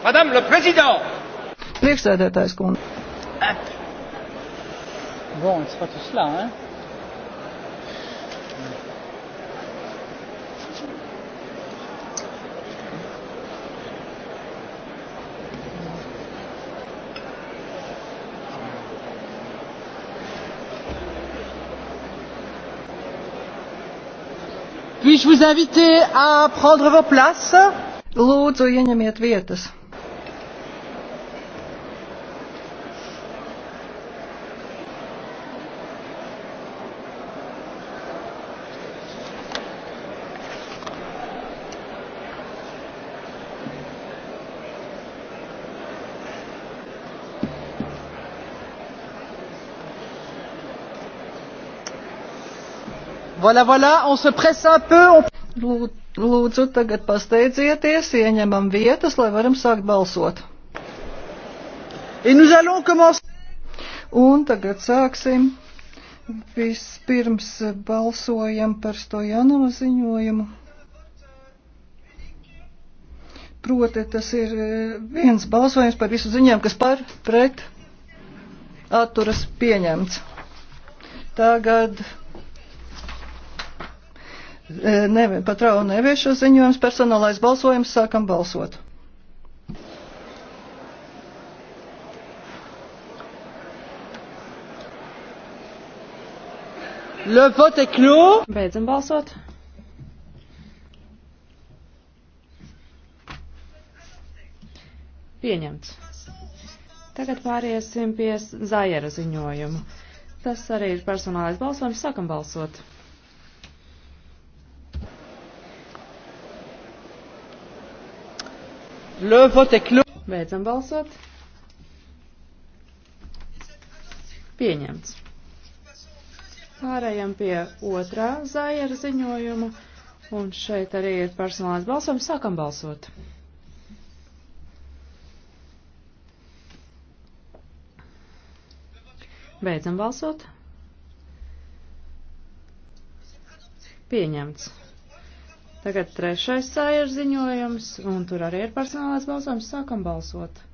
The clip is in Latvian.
Madame le Président! Priekšsēdētājs kundze. Bon, c'est pas tout cela, hein? Puis-je vous inviter à prendre vos places? Lūdzu, ieņemiet vietas. Voilà, voilà, on se presse un peu. On... Lūd, lūdzu, tagad pasteidzieties, ieņemam vietas, lai varam sākt balsot. Et nous allons commencer. Un tagad sāksim. Vispirms balsojam par Stojanova ziņojumu. Proti, tas ir e, viens balsojums par visu ziņām, kas par pret atturas pieņemts. Tagad Eh, ne, pat Rau neviešu ziņojums, personālais balsojums, sākam balsot. Le vote est clos. Beidzam balsot. Pieņemts. Tagad pāriesim pie Zajera ziņojumu. Tas arī ir personālais balsojums, sākam balsot. Le vote est clos. Beidzam balsot. Pieņemts. Pārējām pie otrā zaļa ziņojuma. Un šeit arī ir personālais balsojums. Sākam balsot. Beidzam balsot. Pieņemts. Tagad trešais sāja ir ziņojums, un tur arī ir personālais balsojums. Sākam balsot!